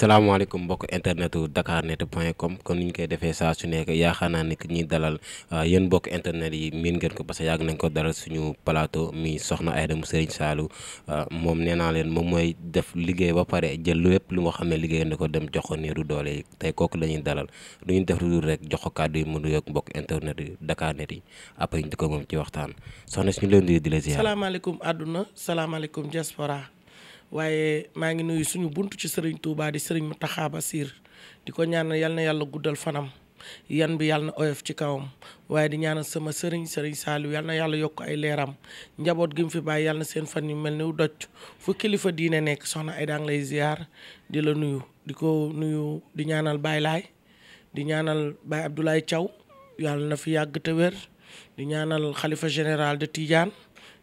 salaamaaleykum mbokk internetu dakarnet point comme kon ni ñu koy defee saa su nekk yaakaar naa ne ki ñuy dalal euh, yéen mbokk internet yi miin ngeen ko parce que yàgg nañ ko dalal suñu palaato mi soxna Aïda mu Serigne Saliou euh, moom nee naa leen moom mooy def liggéey ba pare jël lépp lu mu xam ne liggéey na ko dem jox ko niiru doole yi tey kooku la dalal du ñu def lu dul rek jox ko kàddu yi mu nuyoog mbokk internet yi dakarnet yi après ñu di ko moom ci waxtaan soxna suñu leen di di la ziar. salaamaaleykum àdduna salaamaaleykum diaspora waaye maa ngi nuyu suñu bunt ci sëriñ Touba di sëriñ taxaaba Bassir di ko ñaanal yal na yàlla guddal fanam yan bi yàlla na oyof ci kawam waaye di ñaanal sama sëriñ sëriñ Saliou yal na yàlla yokk ay leeram njaboot gi mu fi bàyyi yal na seen fan yu mel ni wu doj fu kilifa diine nekk soxna ay daang lay ziar di la nuyu di ko nuyu di ñaanal Baye Laay di ñaanal Baye Abdoulaye Thiaw yàlla na fi yàgg te wér di ñaanal xalifa général de Tidiane.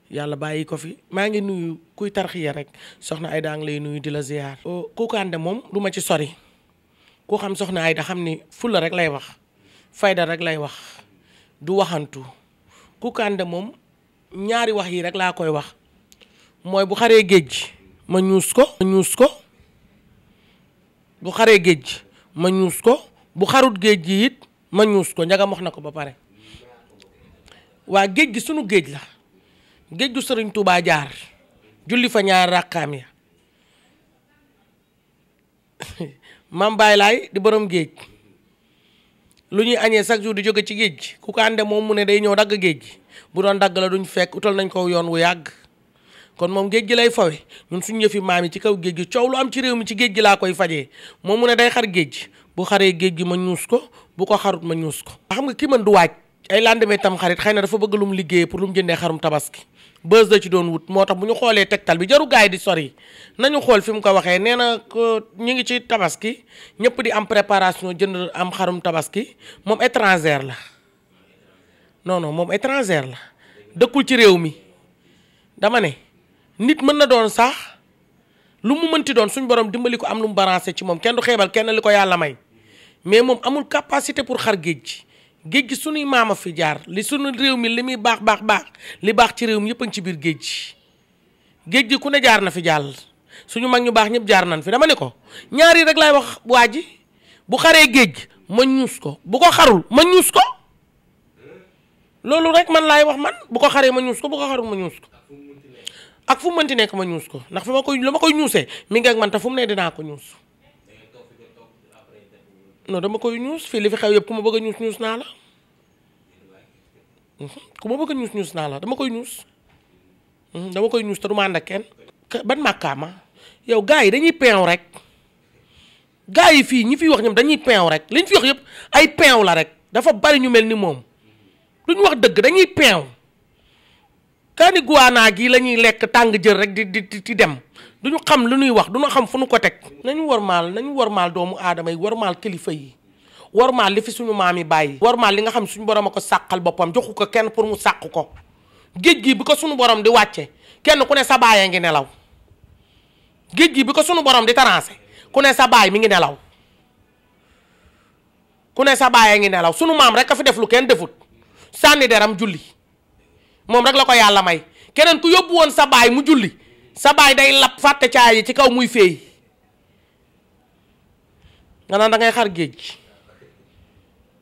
yàlla bàyyi ko fi maa ngi nuyu kuy tarxiya rek soxna Ayda a lay nuyu di la ziar. Oh, Kounkandé moom du ma ci sori ku xam soxna Ayda xam ni fulla rek lay wax fayda rek lay wax du waxantu Kounkandé moom ñaari wax yi rek laa koy wax mooy bu xaree géej ma ñuus ko ma ñuus ko bu xaree géej gi ma ñuus bu xarut géej gi it ma ñuus ko njagam wax na ko ba pare waa géej gi sunu géej la géej gu sëriñ Touba jaar julli fa ñaar ràqaam ya mam laay di boroom géej lu ñuy añee chaque jour di jóge ci géej gi ku ko ànde moom mu ne day ñëw dagg géej gi bu doon dagg la duñ fekk utal nañ ko yoon wu yàgg kon moom géej gi lay fawe ñun suñ yëfi maam yi ci kaw géej gi coow lu am ci réew mi ci géej gi laa koy fajee moom mu ne day xar géej gi bu xaree géej gi ma ñuus ko bu ko xarut ma ñuus ko xam nga kii mën du waaj ay lendemain tam xarit xëy na dafa bëgg lu mu liggéeyee pour lu mu bës da ci doon wut moo tax bu ñu xoolee tegtal bi jaru gaay di sori nañu xool fi mu ko waxee nee na ko ñu ngi ci tabaski ñëpp di am préparation jënd am xarum tabaski moom étranger la non moom étranger la dëkkul ci réew mi dama ne nit mën na doon sax lu mu mënti doon suñ borom dimbali ko am lu mu balancé ci moom kenn du xeebal kenn li ko yàlla may mais moom amul capacité pour xar géej ji géej gi sunuy maama fi jaar li su sunu réew mi li muy baax baax baax li baax ci réew mi yëpp a ci biir géej gi géej gi ku ne jaar na fi jàll suñu mag ñu baax ñëpp jaar nañ fi dama ne ko ñaari rek laay wax waa ji bu xaree géej ma ñuus ko bu ko xarul ma ñuus ko loolu rek man laay wax man bu ko xaree ma ñuus ko bu ko xarul ma ñuus ko ak fu mu mënti nekk ma ñuus ko ndax fi ma koy la ma koy ñuusee mi ngi ak man te fu mu ne dinaa ko ñuus. non dama koy ñuus fii li fi xew yëpp ku ma bëgg a ñuus ñuus naa la mhm, ku ma bëgg a ñuus ñuus naa la dama koy ñuus mhm, dama koy ñuus te du ma ànd ak kenn. ban màkkaama yow gars yi dañuy peew rek gars yi fii ñi fi wax ñoom dañuy peew rek liñ fi wax yëpp ay peew la rek dafa bari ñu mel ni moom duñ wax dëgg dañuy peew. kaani guwaanaa gi la ñuy lekk tàng jël rek di di di dem du ñu xam lu ñuy wax du ñu xam fu ñu ko teg. nañu warmaal nañu warmaal doomu aadama yi warmaal kilifa yi warmaal li fi suñu maam yi bàyyi. warmaal li nga xam suñu borom a ko sàqal boppam joxu ko kenn pour mu sàq ko géej gi bi ko suñu borom di wàcce kenn ku ne sa baay ngi nelaw géej gi bi ko suñu borom di tarancé ku ne sa baay mi ngi nelaw ku ne sa baay ngi nelaw suñu maam rek a fi def lu kenn defut sànni deram julli. moom rek la ko yàlla may keneen ku yóbbu woon sa baay mu julli sa baay day lab fàtte caay yi ci kaw muy féey nga naan da xar géej gi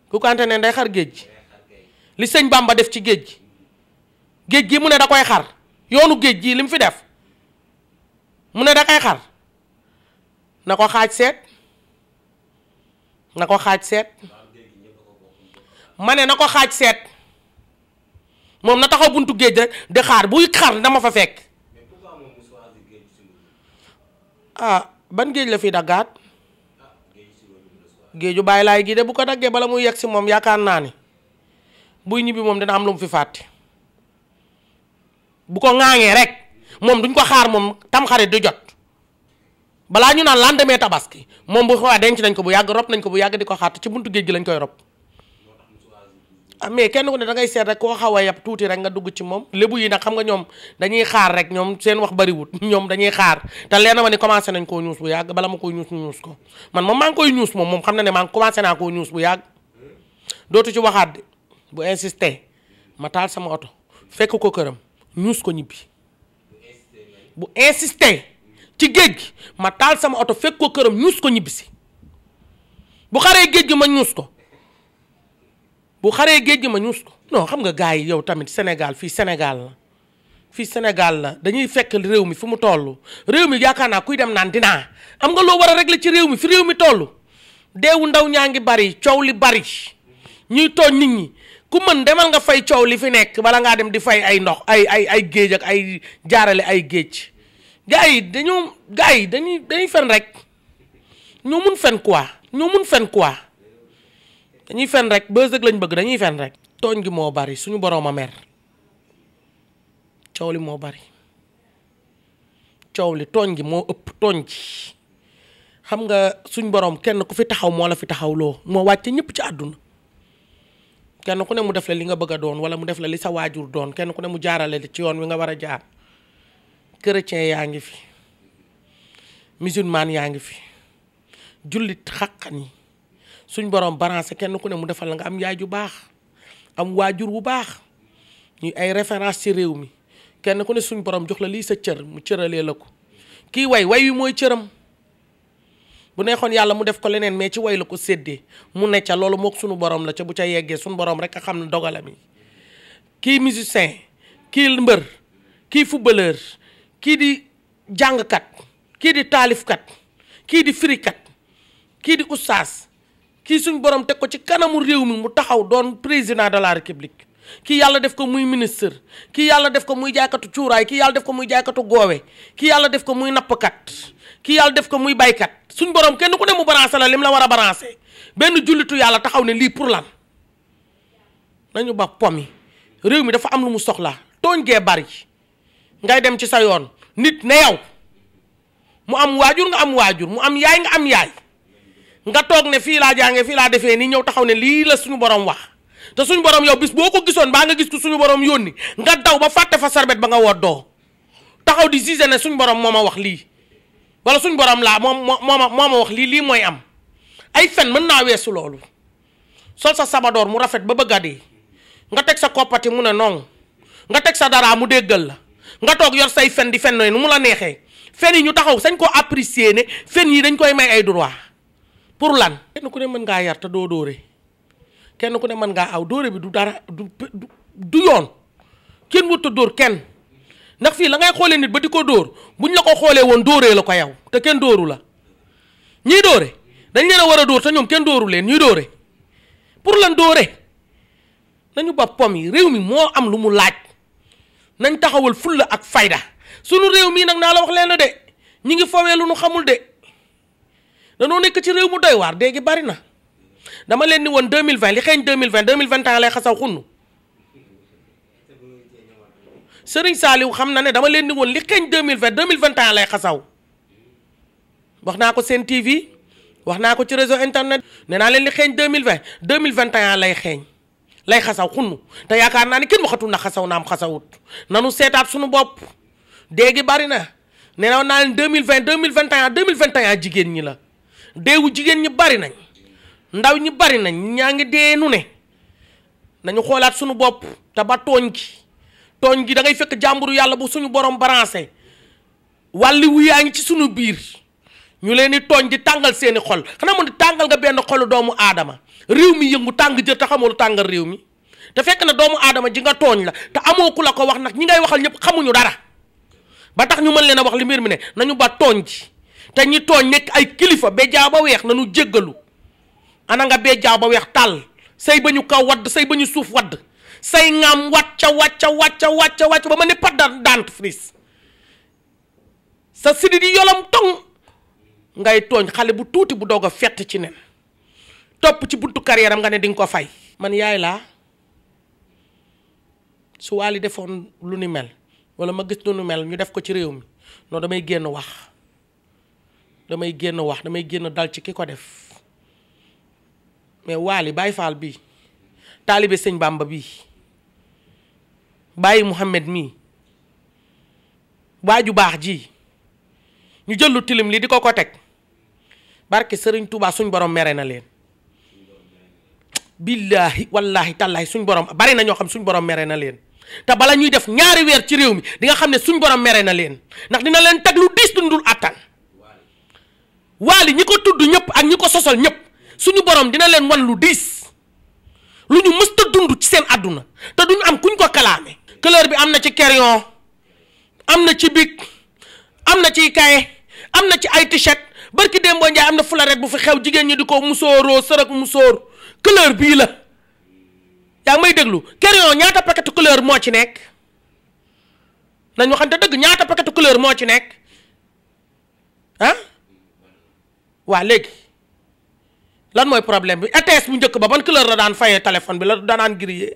ku kante ne day xar géej gi li sëñ def ci géej gi géej gi mu ne da koy xar yoonu géej gi li mu fi def mu ne da koy xar na ko xaaj seet na ko xaaj seet ma ne na ko xaaj seet moom na taxaw buntu géej rek di xaar buy xaar dama fa fekk. ah ban géej la fi daggaat géeju bàyyi laay gi de bu ko daggee bala muy yegg si moom yaakaar naa ni buy ñibbi moom dina am lu mu fi fàtte bu ko ŋaaŋee rek moom duñ ko xaar moom tamxarit du jot balaa ñu naan lendemain tabaski moom bu xawaa denc nañ ko bu yàgg rob nañ ko bu yàgg di ko xaar ci buntu géej gi lañ koy rob Ah, mais kenn ku ne da ngay seet rek koo xaw a yab tuuti rek nga dugg ci moom lébu yi nag xam nga ñoom dañuy xaar rek ñoom seen wax bariwut ñoom dañuy xaar te leer na ma ni commencé nañ koo ñuus bu yàgg bala ma koy ñuus ñu ñuus ko man moom maa ngi koy ñuus moom moom xam na ne maa ngi commencé naa koo ñuus bu yàgg dootu ci waxaat bu insister ma taal sama oto fekk ko këram ñuus ko ñibbi bu insister ci géej gi ma taal sama oto fekk ko këram ñuus ko ñibbi bu xaree géej gi ma ko bu xaree géej gi ma ñuus ko non xam nga gars yi yow tamit Sénégal fii senegal la fii Sénégal la dañuy fekk réew mi fi mu toll réew mi yaakaar naa kuy dem naan dina am nga loo war a régler ci réew mi fi réew mi toll deewu ndaw ñaa ngi bari coow li bari ñuy tooñ nit ñi ku mën demal nga fay coow li fi nekk bala ngaa dem di fay ay ndox ay ay ay géej ak ay jaarale ay géej gars yi dañoo dañuy dañuy fen rek ñoo mun fen quoi ñoo mun fen quoi dañuy fen rek lañ bëgg dañuy fen rek tooñ gi moo bari suñu boroom a mer coow li moo bari coow li tooñ gi moo ëpp tooñ xam nga suñ boroom kenn ku fi taxaw moo la fi taxaw loo moo wàcce ñëpp ci àdduna kenn ku ne mu def la li nga bëgg a doon wala mu def la li sa waajur doon kenn ku ne mu jaarale ci yoon wi nga war a jaar chrétien yaa ngi fi musulman yaa ngi fi jullit xàqan yi suñ borom balancé kenn ku ne mu defal la nga am yaay ju baax am waajur bu baax ñuy ay référence ci réew mi kenn ku ne suñ borom jox la lii sa cër mu cëralee la ko kii way way wi mooy cëram bu neexoon yàlla mu def ko leneen mais ci way la ko seddee mu ne ca loolu mook suñu borom la ca bu ca yeggee suñu borom rek a xam ne dogalami kii musicien kii mbër kii footballeur kii di jàngkat kii di taalifkat kii di firikat kii di ustaas kii suñ borom teg ko ci kanamu réew mi mu taxaw doon président de la république kii yàlla def ko muy ministre kii yàlla def ko muy jaaykatu cuuraay kii yàlla def ko muy jaaykatu goowe kii yàlla def ko muy nappkat kii yàlla def ko muy baykat suñ borom kenn ku ne mu balancé la lim la war a balancé benn jullitu yàlla taxaw ne lii pour lan nañu ba pom réew mi dafa am lu mu soxlaa tooñ gee bari ngay dem ci sa yoon nit ne yow mu am waajur nga am waajur mu am yaay nga am yaay nga toog ne fii laa jàngee fii laa defee nii ñëw taxaw ne lii la suñu borom wax te suñu borom yow bis boo ko gisoon baa nga gis ko suñu borom yónni nga daw ba fàtte fa sarbet ba nga woddoo taxaw di gisé ne suñu borom moo ma wax lii wala suñu borom laa moom moo ma moo ma wax lii lii mooy am ay fen mën naa weesu loolu sol sa sabadoor mu rafet ba bëgg a dee nga teg sa koppati mu ne noonu nga teg sa dara mu déggal la nga toog yor say fen di fen nooy nu mu la neexee fen yi ñu taxaw sañ ko apprécier ne fen yi dañ koy may ay droit pour lan kenn ku ne mën ngaa yar te doo dóore kenn ku ne mën ngaa aw dóore bi du dara du du yoon kenn wut a dóor kenn ndax fii la ngay xoolee nit ba di ko dóor bu buñ la ko xoolee woon dóoree la ko yow te kenn dóoru la ñuy dóore dañ leen a war a dóor te ñoom kenn dóoru leen ñuy dóore pour lan dóore nañu ba pom yi réew mi moo am lu mu laaj nañ taxawal fulla ak fayda sunu réew mii nag naa la wax leen de ñi ngi fowee lu nu xamul de danoo nekk ci réew mu doy waar dégg bari na dama leen ni woon 2020 li xeeñ 2020 2021 lay xasaw xunnu Serigne Saliou xam na ne dama leen ni woon li xeeñ 2020 2021 lay xasaw wax naa ko seen wax naa ko ci réseau internet nee naa leen li xeeñ 2020 2021 lay xeeñ lay xasaw xunnu te yaakaar naa ni kenn waxatul na xasaw naam xasawut nanu seetaat sunu bopp dégg bari na nee naa leen 2020 2021 2021 jigéen ñi la deewu jigéen ñi bari nañ ndaw ñi bari nañ ñaa ngi dee nu ne nañu xoolaat suñu bopp te ba tooñ gi tooñ gi dangay fekk jàmburu yàlla bu suñu borom balancé wàlli wu yaa ngi ci suñu biir ñu leen di tooñ di tàngal seeni xol xanaa mën tàngal nga benn xolu doomu aadama réew mi yëngu tàng jër te xamoo lu tàngal réew mi te fekk na doomu aadama ji nga tooñ la te amoo ku la ko wax nag ñi ngay waxal ñëpp xamuñu dara ba tax ñu mën leen a wax li mi ne nañu ba tooñ ji te ñi tooñ nekk ay kilifa ba jaaw ba weex nanu jëggalu ana nga bee jaaw ba weex tàll say ba kaw wadd say ba ñu suuf wadd say ngaam wàcca wàcca wàcca wàcca wàcca ba ma ne pat dant fris sa sidit yi yolam toŋ ngay tooñ xale bu tuuti bu doog a fett ci nen topp ci buntu carrière am nga ne di ko fay man yaay laa su waali defoon lu ni mel wala ma gis lu ni mel ñu def ko ci réew mi non damay génn wax damay génn wax damay génn dal ci ki ko def mais waali bàyyi Faal bi taalibe sëñ Bàmba bi bàyyi Mouhamed mii waaju baax ji ñu jël lu tilim li di ko ko teg barke sëriñ Touba suñ borom mere na leen billaahi wallaahi tallaahi suñ borom bari na ñoo xam suñ borom mere na leen te bala ñuy def ñaari weer ci réew mi di nga xam ne suñ borom mere na leen ndax dina leen teg lu diis dundul attan waali ñi ko tudd ñëpp ak ñi ko sosal ñëpp suñu borom dina leen wan lu diis lu ñu mës ta dund ci seen àdduna te duñ am kuñ ko kalaame couleur bi am na ci crayon am na ci bic am na ci kaye am na ci ay t-shirt barki Demba Ndiaye am na fularet bu fi xew jigéen ñi di ko musóoroo sërëg musóor couleur bii la yaa may déglu crayon ñaata paquet couleur moo ci nekk nañ waxante dëgg ñaata paquet couleur moo ci nekk waa léegi lan mooy problème bi ETS bu njëkk ba ban couleur la daan fayee téléphone bi la danaan grillé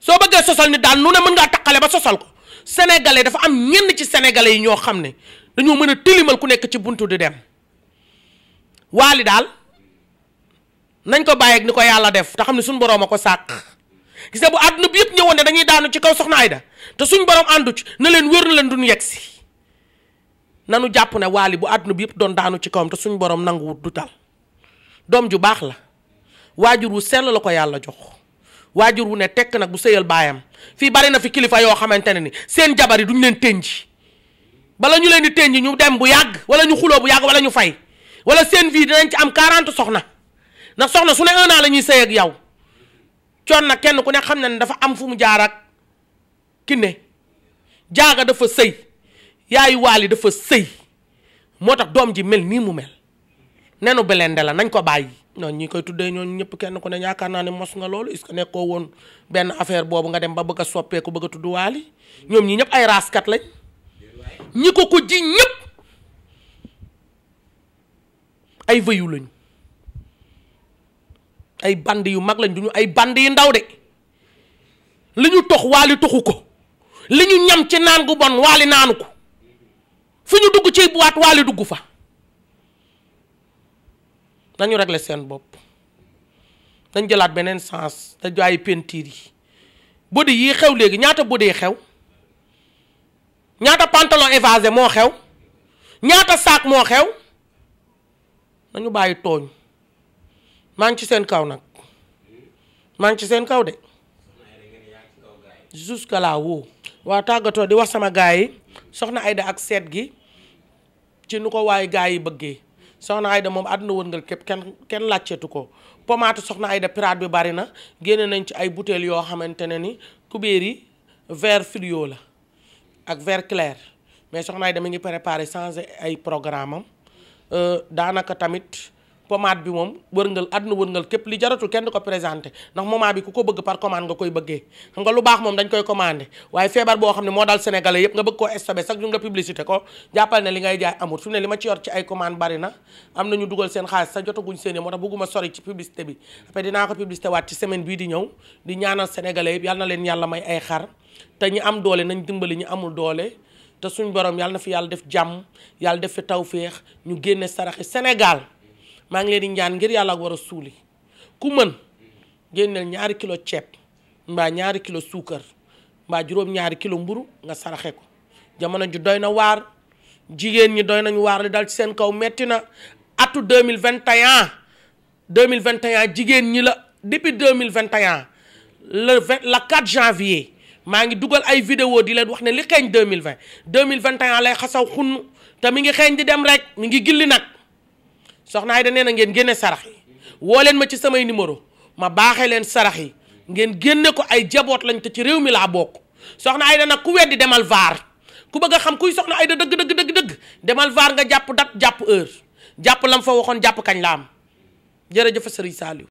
soo bëggee sosal ni daal nu ne mën ngaa taqale ba sosal ko sénégalais dafa am ñenn ci sénégalais yi ñoo xam ne dañoo mën a tilimal ku nekk ci buntu di dem waali daal nañ ko bàyyeeg ni ko yàlla def te xam ne suñ boroom a ko sàq gis nga bu àdduna bi yëpp ñëwoon ne dañuy daanu ci kaw soxna Ayda te suñ borom àndu ci na leen wér na leen duñ yegg si nanu jàpp ne waali bu àdduna bi yëpp doon daanu ci kawam te suñu borom nanguwut du tal doom ju baax la waajur wu sell la ko yàlla jox waajur wu ne tekk nag bu sëyal baayam fii bari na fi kilifa yoo xamante ne ni seen jabar yi duñ leen tënji bala ñu leen di tënji ñu dem bu yàgg wala ñu xuloo bu yàgg wala ñu fay wala seen vie dinañ ci am 40 soxna ndax soxna su ne un an la ñuy sëy ak yow coon nag kenn ku ne xam na ne dafa am fu mu jaar ak kinne jaaga dafa sëy yaayu waali dafa sëy moo tax doom ji mel nii mu mel nenu belende la nañ ko bàyyi noonu ñi koy tuddee ñooñu ñëpp kenn ku ne yaakaar naa ne mos nga loolu est-ce nekkoo woon benn affaire boobu nga dem ba bëgg a soppeeku bëgg tudd waali ñoom ñi ñëpp ay raaskat lañ ñi ko ko ji ñëpp ay vëyu lañu ay band yu mag lañ ñu ay band yu ndaw de li ñu tox waali toxu ko li ñu ñam ci naan gu bon waali naanu ko fu ñu dugg ci boîte waali dugg fa nañu régler seen bopp dañ jëlaat beneen sens da jaay pentiir yi body yi xew léegi ñaata body xew ñaata pantalon évasé moo xew ñaata saak moo xew dañu bàyyi tooñ maa ngi ci seen kaw nag maa ngi ci seen kaw de jusque là woo waa tàggatoo di wax sama gars yi soxna Aida ak seet gi ci nu ko waaye gaa yi bëggee soxna Aida moom àdduna wërngal képp kenn kenn laajteetu ko pommade soxna Aida pirate bi bari na génne nañ ci ay bouteilles yoo xamante ne ni kubéer yi vert fluo la ak vert clair mais soxna Aida mi ngi préparé changé ay programme am euh, daanaka tamit pommade bi moom wërngal àdduna wërngal képp li jaratul kenn ko présenté ndax moment bi ku ko bëgg par commande nga koy bëggee xam nga lu baax moom dañ koy commandé waaye feebar boo xam ne moo daal sénégalais yëpp nga bëgg koo stabé sax ñu nga publicité ko jàppal ne li ngay jaay amul fi mu ne li ma ci yor ci ay commande bari na am na ñu dugal seen xaalis sax jotaguñ seen i moo tax bëgguma sori ci publicité bi après dinaa ko publicité waat ci semaine di ñaanal sénégalais yëpp yal leen yàlla may ay xar te ñi am doole nañ dimbali ñi amul doole te suñ borom yàlla fi yàlla def jàmm yàlla def fi tawféex ñu génne saraxi Sénégal maa ngi leen di ñaan ngir yàlla ak war a suuli ku mën génneel ñaari kilo ceeb mbaa ñaari kilo suukar mbaa juróom-ñaari kilo mburu nga saraxe ko jamono ji doy na waar jigéen ñi doy nañu waar li dal ci seen kaw metti na atu 2021 2021 jigéen ñi la depuis 2021 le la 4 janvier maa ngi dugal ay vidéo di leen wax ne li xeeñ vingt 2021 lay xasaw xunn te mi ngi xeeñ di dem rek mi ngi gilli nag soxna ay nee na ngeen génne sarax yi woo leen ma ci samay numéro ma baaxee leen sarax yi ngeen génne ko ay jaboot lañ te ci réew mi laa bokk soxna Aida nag ku weddi demal vaar ku bëgg a xam kuy soxna ay dëgg dëgg dëgg dëgg demal vaar nga jàpp date jàpp heure jàpp lam fa waxoon jàpp kañ la am jërëjëf Serigne Saliou